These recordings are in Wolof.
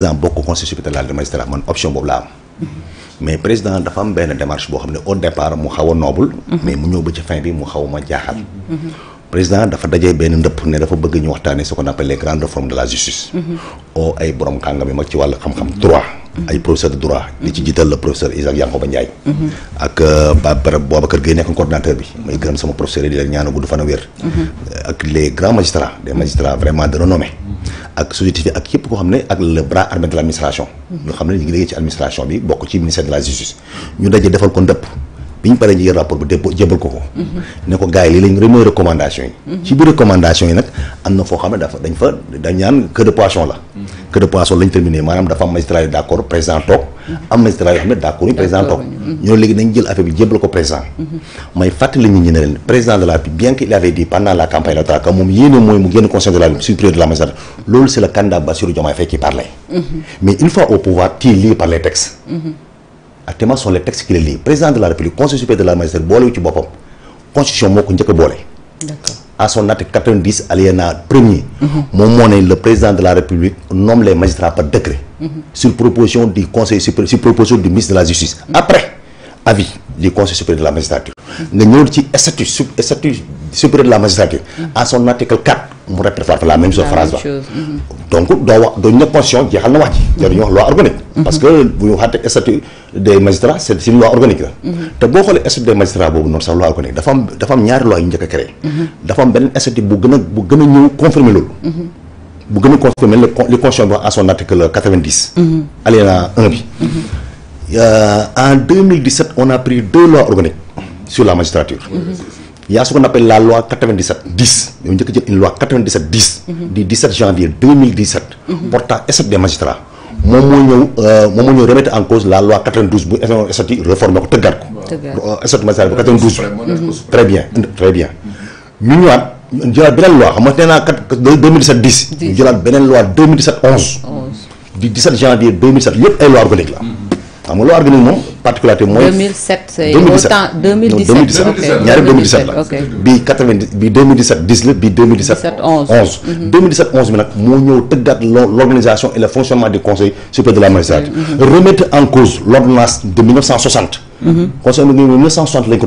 président bokku conseil supérieur de la magistrature man option bobu la am mais président dafa am ben démarche bo xamné au départ mu xawa noble mais mu ñëw ba ci fin bi mu xawuma jaaxal président dafa dajé ben ndëpp né dafa bëgg ñu waxtané ce qu'on appelle les grandes réformes de la justice oo ay borom kàngam yi mag ci walu xam-xam droit ay professeur de droit di ci jital le professeur Isaac Yankoba Ndiaye ak Pape euh, Bobakar Gueye nek coordinateur bi may gërëm sama professeur yi di leen ñaanu gudd fa na wër ak les grands magistrats des magistrats vraiment de renommée ak société fi ak képp koo ak le bras armé de l'administration nous ñoo xam ne beaucoup ngi ci ministère de la justice. ñu fait le ko ndëpp. bi ñu paree ñu rapport bu dépôt jébal ko ko. Mm-hmm. ne ko gars yi lii mooy recommandation yi. Mm-hmm. ci biir recommandation yi nag am na foo xam ne dafa dañ fa dañ ñaan queue de la. Mm-hmm. queue de poisson lañ maanaam dafa am magistrat yu d' accord président toog. am magistrat yoo xam ne d' accord ñu léegi nañ jël affaire bi jébal ko président. may fàttali nit ñi président de la République bien que il avait dit pendant la campagne électorale que moom yéene mooy mu génn actuellement sont les textes qui les lient président de la république conseil supérieur de la magistrature boolewu ci constitution Moko ko Bolé. à son article 90 alinéa premier. er le président de la république nomme les magistrats par décret. Mhm. sur proposition du conseil supérieur sur proposition du ministre de la justice. Mhm. après avis du conseil supérieur de la magistrature. le mhm. ñëw ci statut statut supérieur de la magistrature. à son article 4 mu répéter la même phrase mhm. donc doo wax doo ñëpp constitution jeexal na mhm. ñu loi organique mhm. parce que bu ñu xaatee statut des magistrats c'est une loi organique la te les xoolee statut des magistrats boobu non, sax loi organique dafa am dafa am ñaari loi yu a créé dafa am beneen statut bu gën a bu gën a confirmer loolu bu gën confirmer le constitution à son article 90 là, 1 bi euh, en 2017 on a pris deux lois organiques sur la magistrature il ce qu'on appelle la loi 97 10 ñoo ñëk une loi 97 10 du 17 janvier 2017 mhm. portant essai des magistrats mom mo ñew euh mom mo ñew remettre en cause la loi 92 bu statut réforme ko teugat ko statut euh, magistrat 92 mhm. très bien très bien ñu ñëwaat ñu jëlaat loi xam nga nee 2017 10 ñu jëlaat beneen loi 2017 11 du 17 janvier 2017 yëpp ay loi organique la mhm. 2007 2017 2017 90 2017 2017. 11 2017 11 l'organisation et le fonctionnement du conseil supérieur de la magistrature. Mhm. remettre en cause l'ordonnance de 1960. Mhm. conseil de 1960 lañ ko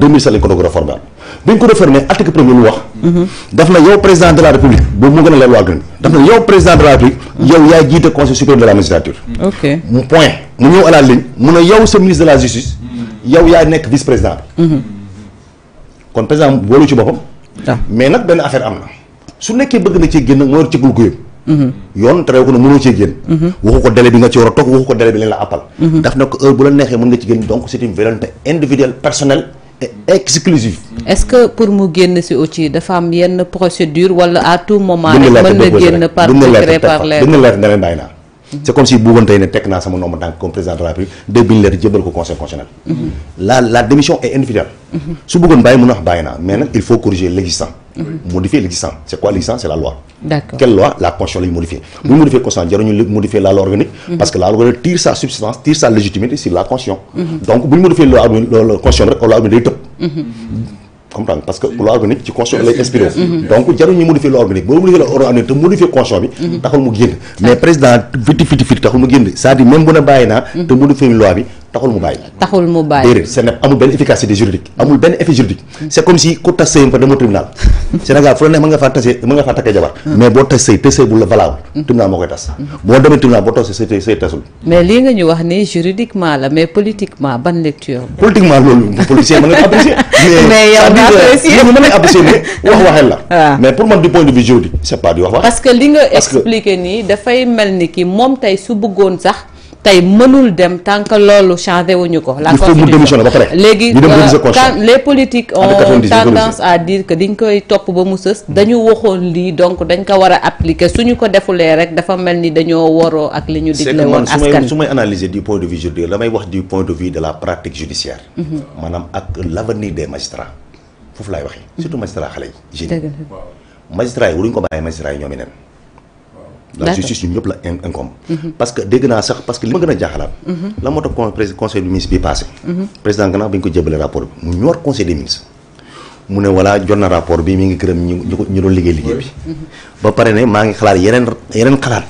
2007 bi ñu ko réformé article premier lu wax. Mhm. daf na yow président de la république boobu moo gën a leer waa gën daf na yow président de la république. Mhm. yow yaay jiite conseil supérieur de la magistrature. Mhm. ok mu point mu ñëw à la ligne mu ne sa ministre de la justice. yow yaa nekk vice président. kon président boolu ci boppam. Ah. mais nag benn affaire am na. su nekkee bëgg na cee génn moo ci gul ko ko ne mënoo cee génn. waxu ko délai bi nga ci war toog waxu exclusif. est-ce que pour mu génn si aussi dafa am yenn procédure wala à tout moment. rek mën na génn par décret par les c'est comme si vous tey une comme président de la République de bind lettre conseil constitutionnel. Mhm. la la démission est infidèle. Mhm. Si vous bàyyi une a wax il faut corriger l'existant. Mhm. modifier l'existant c'est quoi l'existant c'est la loi. quelle loi la constitution la modifiée. modifier. bu la modifier constitution jaruñu modifier la loi organique. parce que la loi tire sa substance tire sa légitimité sur la constitution. donc vous modifiez modifier loi constitution rek loi organique comprendre parce que loi organique ci constitution lay inspiré donc jaru ñu modifier loi organique boo modifier loi te modifier constitution bi mhm. taxul mu guen mais président fiti fiti fiti taxul mu guen c'est-à-dire même bu ne bàyyi mhm. te modifier loi bi taxul mu bàyyi taxul mu bàyyi déedéet c'est amul ben efficacité juridique amul ben effet juridique mhm. c'est comme si ku tas sëyam fa demoo tribunal Sénégal fu neex mën nga faa tase mën nga faa takkee jabar hmm. mais boo tas sëy te sëy bu la valable hmm. tribunal moo koy tas boo demee tribunal boo tasee sëy tasul mais lii nga ñu wax ni juridiquement la mais politiquement ban lecture politiquement loolu politicien mën mais yow nga apprécier mën nañ apprécier mais wax waxeel la waaw ah. mais pour man du point de vue juridique c'est pas du wax wax parce li nga expliqué nii dafay mel ni kii moom tey su bëggoon sax tey mënul dem tant que loolu changé wuñu ko. la constitution léegi euh, les politiques ont tendance à dire que dañ koy topp ba mu sës mm-hmm. dañu waxoon lii donc dañ ko war a appliquer suñu ko defulee rek dafa mel ni dañoo waroo ak li ñu digle woon askan su may analyser du point de vue juridique damay wax du point de vue de la pratique judiciaire mm-hmm. maanaam ak l'avenir des magistrats foofu laay waxee mm-hmm. surtout magistrat xale yi jeunes magistrat yi waruñu ko bàyyi magistrat yi ñoom i neen la justice ñun ñëpp la incombe mhm. parce que dégg naa sax parce que li ma gën a jaaxalaat mhm. la moo tax conseil des ministres bi passé mhm. président gannaaw bi ñu ko jébale rapport bi mu ñor conseil des ministres mu ne voilà jot na rapport bi mi ngi gërëm ñu ñu doon liggéey liggéey bi ba pare ne maa ngi xalaat yeneen xalaat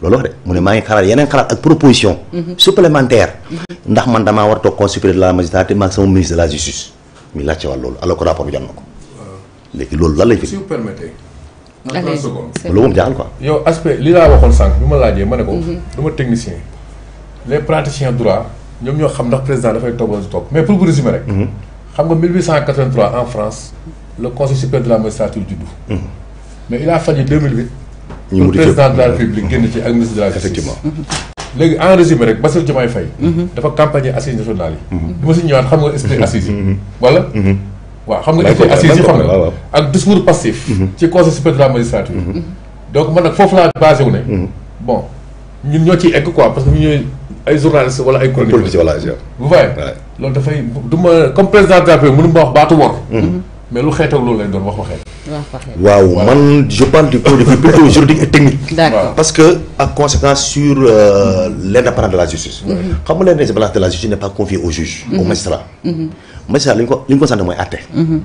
loolu wax de mu ne maa ngi xalaat yeneen xalaat ak proposition supplémentaire ndax man damaa war toog conseil de la magistrature allez c' est loolu moom jaaxal quoi. Yo, aspect li laa waxoon sànq je ma laajee ne ko. Mhm. du technicien les praticiens de droit ils ñoo xam ndax président dafay toog wala du mais pour vous résumer rek. Mhm. xam nga 1883 en France le conseil supérieur de la magistrature juddu. Mhm. mais il a fallu 2008. ñu président de la république génn ci ministre de la justice effectivement. en résumé rek Bassirou Diomaye Faye. dafa campagne assises nationales yi. li ma si ñëwaat xam nga esprit assises yi. wala waaw xam nga effet assise yi xam nga ak discours passif mhm. ci conseil supérieur de la magistrature mhm. donc man nag foofu laa basé wu ne mhm. bon ñun ñoo ciy egg quoi parce que ñu ñooy ay journalistes wala ay chronique voilà vous voyez loolu dafay du ma comme président Dramé mënu ma wax baatu wor mais lu xeet ak loolu lañ doon wax waxee waaw man je parle du point de vue plutôt juridique et technique parce que ak conséquence sur euh, l'indépendance de la justice xam nga l'indépendance de la justice n'est pas confiée au juge au magistrat mais ça, li ñu ko li athée. ko sant mooy mhm.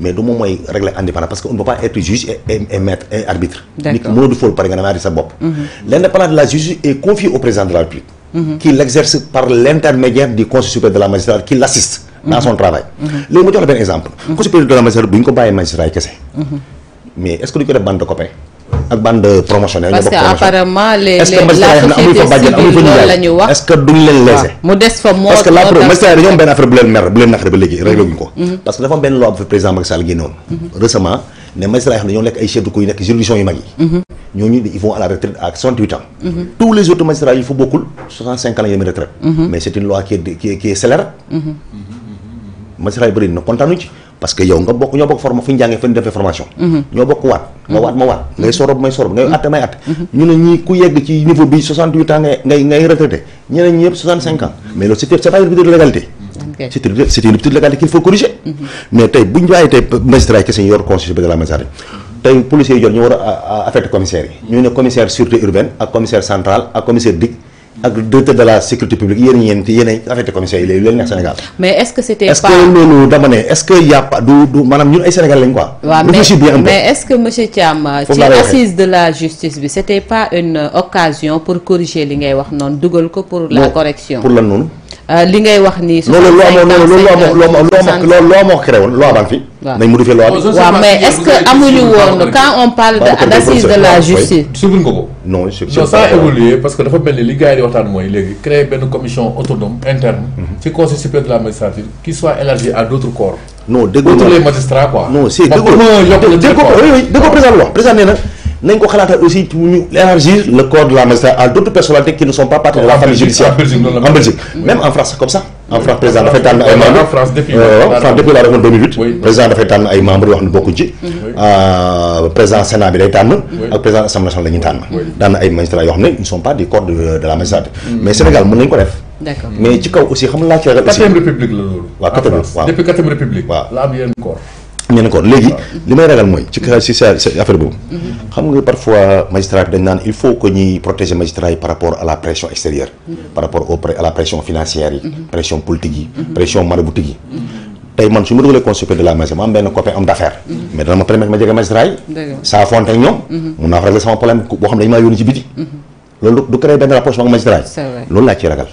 mais du régler indépendant parce que on ne peut pas être juge et et maître et arbitre. nit ki ne faut pas régler mhm. nga l'indépendance de la juge est confié au président de la République. Mhm. qui l'exerce par l'intermédiaire du conseil supérieur de la magistrature qui l'assiste. dans son travail. Je vais vous donner un exemple. conseil supérieur de la magistrature bu ñu ko bàyyee magistrat mais est-ce que nous avons une bande de copains. ak bande promotionnelle. parce que apparemment les les la société civile loolu la wax est-ce que leen laisser. mu des fa moo parce que la dañoo benn affaire bu leen mer bu leen naqari ba léegi réglé wuñ ko. Mhm. parce que dafa benn loi bu fi président Macky Sall mhm. yi. Mhm. ñooñu bokkul 65 ans la ñuy demee retraite. mais c'est loi qui est qui est qui est célèbre. magistrat yu parce que yow nga bokk ñoo bokk forma fu ñu jàngee fu defee formation mhm. ñoo bokk waat nga waat ma waat ngay sorob may sorob ngay mhm. ngay ngay ñeneen ñi yëpp 65 ans mais loolu c'est pas une rupture de légalité c'est une c'est une rupture de légalité qu'il faut mhm. yi kese ñu war a affecté commissaires yi ñu ne commissaire sûreté urbaine ak commissaire central ak commissaire DIC ak directeur de la sécurité publique yéen yéen yéen ay affecté commissaire il est leen Sénégal. mais est ce que c'était pas est ce que non, dama ne est ce que y' a pas du du maanaam ñun ay Sénégalais lañ quoi. mais mais est ce que monsieur Thiam. ci euh, assise de la justice bi c'était pas une occasion pour corriger li ngay wax non dougal ko pour la correction. pour la noonu. Euh, li ngay wax ni. loolu loo amo loolu loo loo moo créé woon loi baa fi. waaw nañ modifier loi bi. waaw mais est-ce que amuñu won quand on parle de d'assises de la justice. suivre nga non je ça a évolué parce que dafa mel li gars di waxtaan moy légui créer ben commission autonome interne. Mhm. ci conseil supérieur de la magistrature qui soit élargi à d'autres corps. non dëgg les magistrats quoi. non c'est dëgg la dëgg la président wax président nee na nañ ko aussi l'énergie, élargir le corps de la magistrature à d'autres personnalités qui ne sont pas partie de la famille judiciaire en Belgique même en France comme ça en France président fait tànn ay membres euh, France depuis la réforme 2008 président dafay tànn ay membres yoo beaucoup ne bokku euh, président Sénat bi day tànn ak président Assemblée nationale la ñuy tànn daan ay magistrats yoo xam ils ne sont pas des corps de la magistrature mm. mais Sénégal mën nañ ko def d'accord mais ci kaw aussi xam la laa ci république la 4ème République. waaw depuis ème république la am ème corps ñu ne kon léegi mhm. li may ragal mooy ci si sa affaire boobu mhm. xam nga parfois magistrat dañ naan il faut que ñuy protéger magistrat yi par rapport à la pression extérieure mhm. par rapport au pression financière yi pression politique yi pression maraboutique yi tey man su ma dugalee conseil de la magistrature ma am benn copain homme d'affaires mais dana ma permettre ma jege magistrat yi saa fonte ñoom mun naa fa régler sama problème boo xam ne maa yónni ci biti lolu du créer ben rapport sama magistrat lolu la ci ragal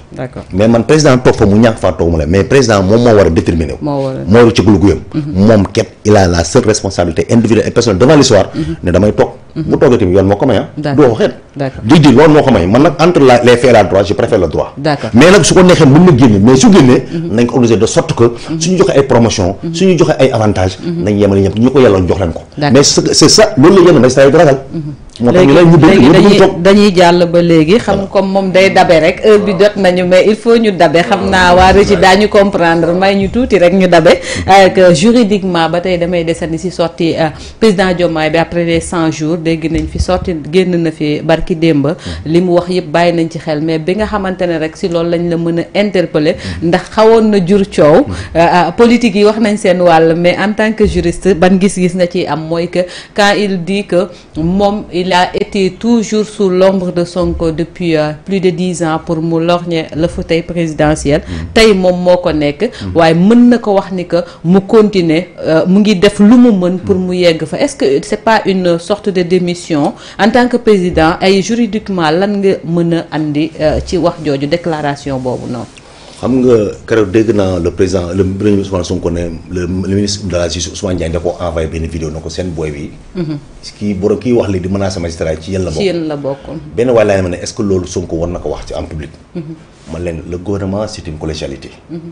mais man président toog fa mu ñak fa toog mu la mais président mom mo wara déterminer mo wara mo war ci guyam mom mhm. kep il a la seule responsabilité individuelle et personnelle devant l'histoire mhm. ne damay tok mu mhm. toogee tamit yoon moko ko may ah du ko xeet lii di lolu moko may man nak entre la les faits et la droit je préfère le droit mais nak su ko neexee mën na mais su génnee nañ ko organiser de sorte que suñu joxe ay promotion suñu joxe ay avantages nañ yemale ñëpp ñu ko yàlloon jox lan ko mais c'est ça lolu la yéen magistrat ragal dañuy jall ba légui xam comme mom day dabé rek heure bi jot nañu mais il faut ñu dabé xamna wa waa dañu comprendre may ñu touti rek ñu dabé ak euh, juridiquement ba tay damay desandi ci sorti euh, président Diomaye bi après les 100 jours dégg nañ fi sorti génn na fi barki demba limu wax yeb bàyyi nañ ci xel mais bi nga xamantene rek si lool lañ la mëna interpeller ndax xawon na jur ciow euh, politique yi wax nañ seen wàll mais en tant que juriste ban gis-gis nga ci am moy que quand il dit que moom il a été toujours sous l'ombre de Sonko depuis euh, plus de dix ans pour mu lorgner le fauteuil présidentiel mm. tay mom moko nek mm. waye meun nako wax ni que mu continuer euh, mu ngi def lu mu pour mm. mu yegg fa est-ce que c'est pas une sorte de démission en tant que président et juridiquement lan nga meuna a andi euh, ci wax déclaration bobu non. xam nga keroog dégg naa le président le premier ministre Sonko ne le ministre de la justice Ousmane Diagne dafa envoyé benn vidéo na ko seen booy bi. Mhm. kii borom kii wax li di menacer magistrat yi ci yéen la bokk benn waay laa ne est-ce que loolu Sonko war na ko wax ci en public. Mhm. man leen le gouvernement c'est une collégialité. Mhm.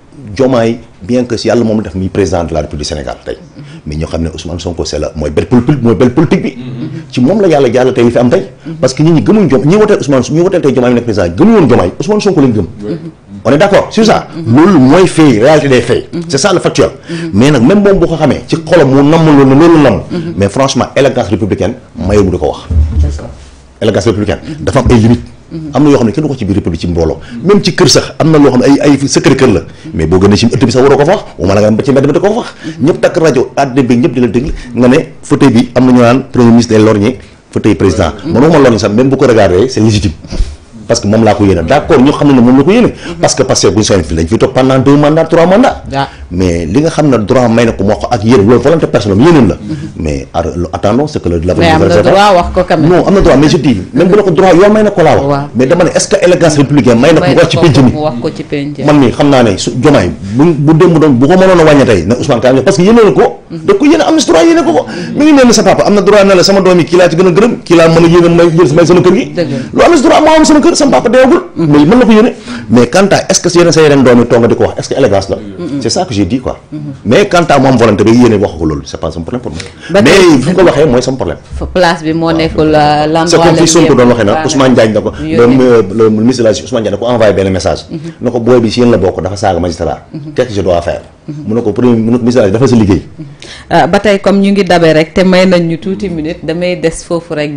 Diomaye bien que si yàlla moom def muy président de la République du Sénégal tey mais ñoo xam Ousmane Sonko c'est la mooy belle politique mooy belle politique bi mhm. ci moom la yàlla jàll tey li fi am tey mhm. parce que nit ñi gëmuñ Diomaye ñi woteel Ousmane ñi woteel tey Diomaye mu nekk président gëmuñ woon Diomaye Ousmane Sonko lañ gëm on est d'accord sur ça mhm. loolu mooy fait réalité des faits c'est ça le factuel mais nag même moom bu ko xamee ci xolam mu namm loolu ne loolu mais franchement élégance républicaine mayoo mu di ko wax élégance républicaine dafa am ay limites Mm-hmm. am na yoo xam ne kenn du ko ci biir république ci mbooloo mm-hmm. même ci kër sax am na loo xam ne ay ay secret kër la mm-hmm. mais boo gënee ci ëtt bi sax waroo ko fa wax wala nga am ci mbedd bi da ko wax ñëpp takk rajo àddina bi ñëpp di la nga ne fauteuil bi am na ñu naan premier ministre day lorñe fauteuil président man waxuma lorñe sax même bu ko regardé c'est légitime parce que moom laa ko yéene d' accord xam ne moom la ko yéene. parce que parce que bu ah. ko moo ko ak am na droit droit mais ko ko laa mm-hmm. ngi mel sa papa am na droit ne la sama doom yi kii laa ci gën a gërëm kii laa mën a yéene may sama kër gi loolu am na droit moo am sama kër sama papa deewagul. Mm-hmm. mais mën na ko yéene. mais quant est ce que si yéen sa yeneen doom yi di ko wax est ce que élégance la. Mm-hmm. c' est que j'ai dit quoi. Mm-hmm. mais quant à wax est pas sama problème pour bi moo nekkul la Ousmane Diagne na ko ko booy bi si yéen la bokk dafa saaga magistrat. qu'est-ce que je dois mu ne ko premier mu ne ko ministre dafa sa liggéey. Ah, ba tey comme ñu ngi dabe rek te may nañ ñu tuuti minute damay des foofu rek